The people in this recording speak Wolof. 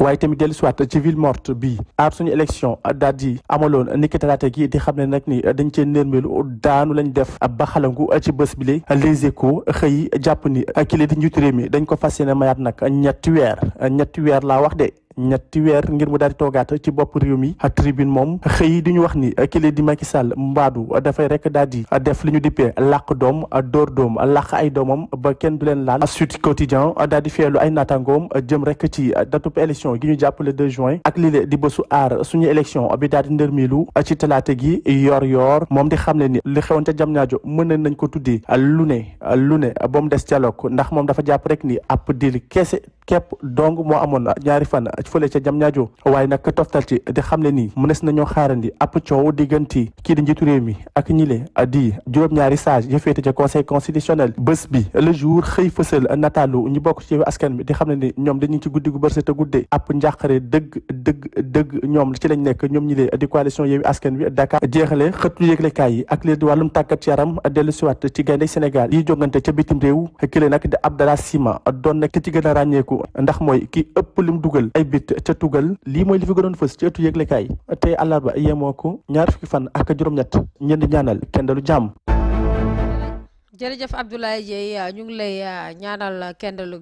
waaye tamit dellu siwaat ci ville morte bi aar suñu élection daal di amaloon niki talaata gi di xam ne nag ni dañ cee nërmeelu daanu lañ def ba xalangu ci bés bi a les échos xëy jàpp ni kii la di njiitu réew mi dañ ko fas yéene mayaat nag ñetti weer ñetti weer laa wax de ñetti weer ngir mu daal di toogaat ci bopp réew mi tribune moom xëy di ñu wax ni kile di Macky Sall mbaadu dafay rek daal di def li ñu dippee làq doom door doom làq ay doomam ba kenn du leen laal Sud Quotidien daal di feelu ay naataangoom jëm ci datub élection gi ñu jàpp le 2 ak lile di bésu aar suñu élection bi daal di ndërmilu ci talaata gi yor yor moom di xam ne ni li xewoon ca Diamniadio mën na nañ ko tuddee lu ne lu ne ba mu des dialogue ndax moom dafa jàpp rek ni app dil kese képp dong moo amoon ñaari fan fële ca jam ñaajo waaye nag toftal ci di xam ne nii mënees nañoo xaarandi ab coow diggante kii di njiitu réew mi ak ñile di juróom-ñaari sage ya féete ca conseil constitutionnel bés bi le jour xëy fësal nataalu ñu bokk ci askan bi di xam ne ni ñoom dañu ci guddi gu bërse te guddee ab njàqare dëgg dëgg ñoom ci lañ nekk ñoom ñile di coalition Yewwi Askan Wi Dakar jeexale xët lu yëglekaay yi ak lii di wàllum yaram dellu siwaat ci gaynde Sénégal yi jongante ca bitim réew kële nag di Abdallah Sima doon nekk ci gën a ràññeeku réew ndax mooy ki ëpp lim dugal ay bit ca tugal lii li fi gënoon fës ci ëttu yëglekaay tey àllarba yemoo ko ñaar fukki fan ak juróom-ñett ñeent ñaanal kenn dalu jàmm jërëjëf Abdoulaye Dieye a ngi lay ah, ñaanal kenn dalu